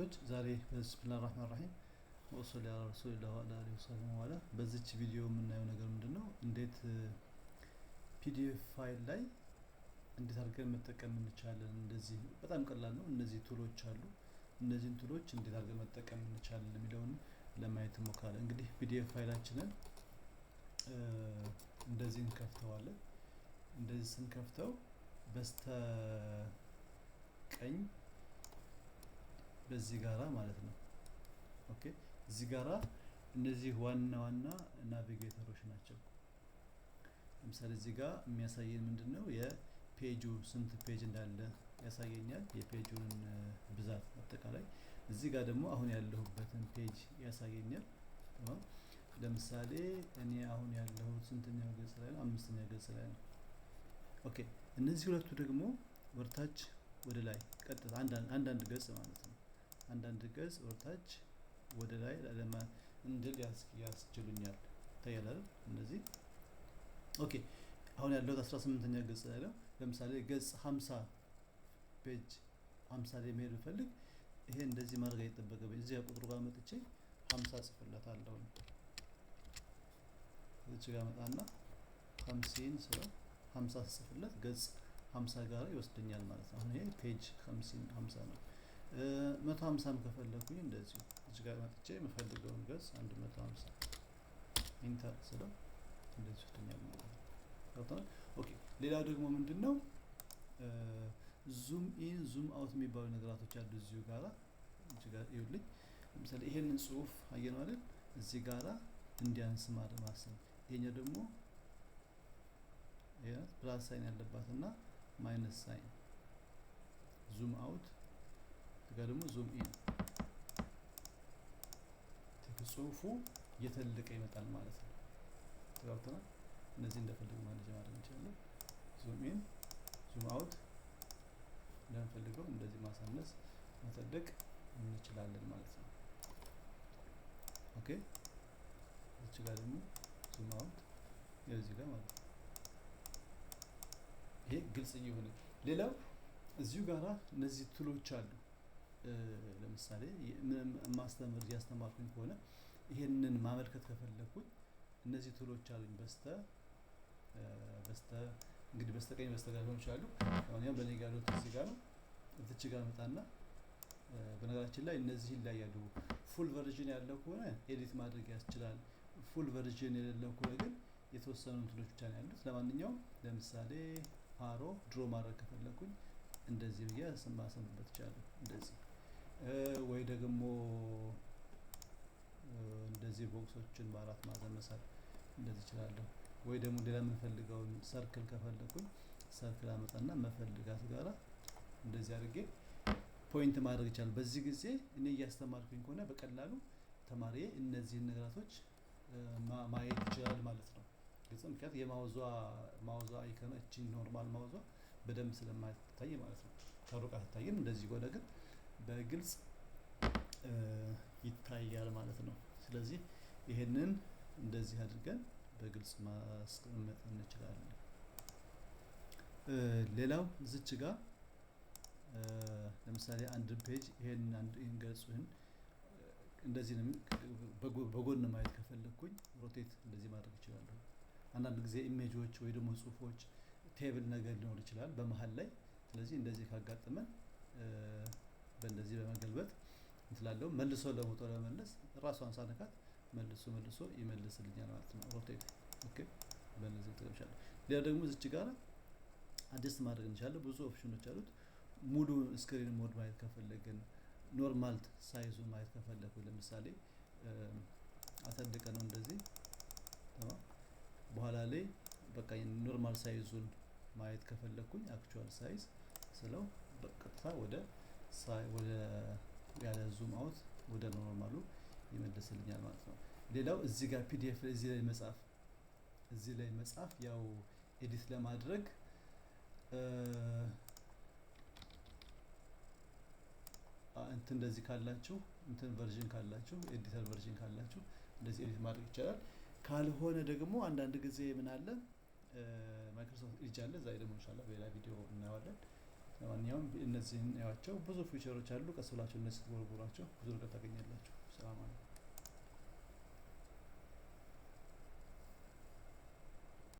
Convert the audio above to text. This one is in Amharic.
ተመልካቾች ዛሬ በስሚላ ራህማን ራሂም ወሶሊ አላ ረሱሊላህ ወአላ አሊሂ ዋላ በዚች ቪዲዮ የምናየው ነገር ምንድን ነው? እንዴት ፒዲኤፍ ፋይል ላይ እንዴት አድርገን መጠቀም እንችላለን። እንደዚህ በጣም ቀላል ነው። እነዚህ ቱሎች አሉ። እነዚህን ቱሎች እንዴት አድርገን መጠቀም እንችላለን የሚለውን ለማየት እንሞክራለን። እንግዲህ ፒዲኤፍ ፋይላችንን እንደዚህ እንከፍተዋለን። እንደዚህ ስንከፍተው በስተ ቀኝ በዚህ ጋራ ማለት ነው። ኦኬ እዚህ ጋራ እነዚህ ዋና ዋና ናቪጌተሮች ናቸው። ለምሳሌ እዚህ ጋር የሚያሳየን ምንድን ነው? የፔጁ ስንት ፔጅ እንዳለ ያሳየኛል፣ የፔጁን ብዛት አጠቃላይ። እዚህ ጋር ደግሞ አሁን ያለሁበትን ፔጅ ያሳየኛል። ለምሳሌ እኔ አሁን ያለሁት ስንተኛው ገጽ ላይ ነው? አምስተኛ ገጽ ላይ ነው። ኦኬ እነዚህ ሁለቱ ደግሞ ወደታች ወደ ላይ ቀጥታ አንዳንድ ገጽ ማለት ነው አንዳንድ ገጽ ወደታች ወደ ላይ ለማ እንድል ያስችሉኛል። ይታያል። እነዚህ ኦኬ። አሁን ያለሁት 18ኛ ገጽ ላይ ነው። ለምሳሌ ገጽ 50 ፔጅ 50 ላይ መሄድ ብፈልግ ይሄ እንደዚህ ማድረግ አይጠበቅብኝ። እዚህ ቁጥሩ ጋር መጥቼ 50 ጽፍለታለሁ። እዚህ ጋር መጣና 50 ስለ 50 ጽፍለት ገጽ 50 ጋር ይወስደኛል ማለት ነው። አሁን ይሄ ፔጅ 50 50 ነው። መቶ ሀምሳም ከፈለኩኝ እንደዚሁ እዚህ ጋር መጥቼ የምፈልገውን ገጽ አንድ መቶ ሀምሳ ኢንተር ስለው እንደዚሁ ይወስደኛል ማለት ኦኬ ሌላ ደግሞ ምንድን ነው ዙም ኢን ዙም አውት የሚባሉ ነገራቶች አሉ እዚሁ ጋራ እዚህ ጋር ይኸውልኝ ለምሳሌ ይሄንን ጽሁፍ አየን ማለት እዚህ ጋራ እንዲያንስ ማሰብ ይሄኛው ደግሞ ፕላስ ሳይን ያለባት እና ማይነስ ሳይን ዙም አውት እዚህ ጋር ደግሞ ዙም ኢን ጽሁፉ እየተለቀ ይመጣል ማለት ነው። ተጋብተናል። እነዚህ እንደፈለግን ማለጃ ማድረግ እንችላለን። ዙም ኢን ዙም አውት እንደምንፈልገው እንደዚህ ማሳነስ መጠደቅ እንችላለን ማለት ነው። ኦኬ እዚህ ጋር ደግሞ ዙም አውት እዚህ ጋር ማለት ነው። ይሄ ግልጽ እየሆነ ሌላው እዚሁ ጋራ እነዚህ ትሎች አሉ ለምሳሌ ማስተምር እያስተማርኩኝ ከሆነ ይሄንን ማመልከት ከፈለግኩኝ እነዚህ ቱሎች አሉኝ በስተ በስተ እንግዲህ በስተቀኝ በስተግራ ሆኖች አሉ። አሁን ያው በኔ ጋር ነው እዚህ ጋር ነው። እዚች ጋር መጣና በነገራችን ላይ እነዚህ ላይ ያሉ ፉል ቨርዥን ያለው ከሆነ ኤዲት ማድረግ ያስችላል። ፉል ቨርዥን የሌለው ከሆነ ግን የተወሰኑ እንትኖች ብቻ ነው ያሉት። ለማንኛውም ለምሳሌ አሮ ድሮ ማድረግ ከፈለኩኝ እንደዚህ ብዬ ስማሰምበት ይቻላል እንደዚህ ወይ ደግሞ እንደዚህ ቦክሶችን በአራት ማዕዘን መሳል እንደዚህ እችላለሁ። ወይ ደግሞ ሌላ የምንፈልገውን ሰርክል ከፈለኩኝ ሰርክል አመጣና መፈልጋት ጋራ እንደዚህ አድርጌ ፖይንት ማድረግ ይቻላል። በዚህ ጊዜ እኔ እያስተማርኩኝ ከሆነ በቀላሉ ተማሪ እነዚህን ነገራቶች ማየት ይችላል ማለት ነው። ግልጽ። ምክንያት የማውዟ ማውዟ አይከን እቺ ኖርማል ማውዟ በደንብ ስለማይታይ ማለት ነው። ከሩቅ አትታይም። እንደዚህ ከሆነ ግን በግልጽ ይታያል ማለት ነው። ስለዚህ ይሄንን እንደዚህ አድርገን በግልጽ ማስቀመጥ እንችላለን። ሌላው ዝች ጋር ለምሳሌ አንድ ፔጅ ይሄን አንድ ይሄን ገጹን እንደዚህ በጎን ማየት ከፈለግኩኝ ሮቴት እንደዚህ ማድረግ እችላለሁ። አንዳንድ ጊዜ ኢሜጆች ወይ ደግሞ ጽሁፎች ቴብል ነገር ሊኖር ይችላል በመሀል ላይ። ስለዚህ እንደዚህ ካጋጠመን በእንደዚህ በመገልበጥ እንትላለው መልሶ ለሞቶ ለመመለስ ራሷን ሳነካት መልሶ መልሶ ይመልስልኛል ማለት ነው። ሮቴት ኦኬ። በእነዚህ ጥቅምሻለ። ሌላ ደግሞ እዚች ጋር አጀስት ማድረግ እንችላለን። ብዙ ኦፕሽኖች አሉት። ሙሉ ስክሪን ሞድ ማየት ከፈለግን፣ ኖርማል ሳይዙ ማየት ከፈለግኩ ለምሳሌ አተልቀ ነው እንደዚህ በኋላ ላይ በቃ ኖርማል ሳይዙን ማየት ከፈለግኩኝ አክቹዋል ሳይዝ ስለው በቀጥታ ወደ ወደ ያለ ዙም አውት ወደ ኖርማሉ ይመለስልኛል ማለት ነው። ሌላው እዚህ ጋር ፒዲኤፍ እዚህ ላይ መጻፍ እዚህ ላይ መጻፍ ያው ኤዲት ለማድረግ እንትን እንደዚህ ካላችሁ እንትን ቨርዥን ካላችሁ ኤዲተር ቨርዥን ካላችሁ እንደዚህ ኤዲት ማድረግ ይቻላል። ካልሆነ ደግሞ አንዳንድ ጊዜ ምን አለ ማይክሮሶፍት ኢጅ አለ። እዛ ላይ ደግሞ ኢንሻላህ በሌላ ቪዲዮ እናየዋለን። ለማንኛውም እነዚህን ያቸው ብዙ ፊቸሮች አሉ። ቀስ ብላቸው እነዚህ ስትጎረጉሯቸው ብዙ ነገር ታገኛላችሁ። ሰላም አለ።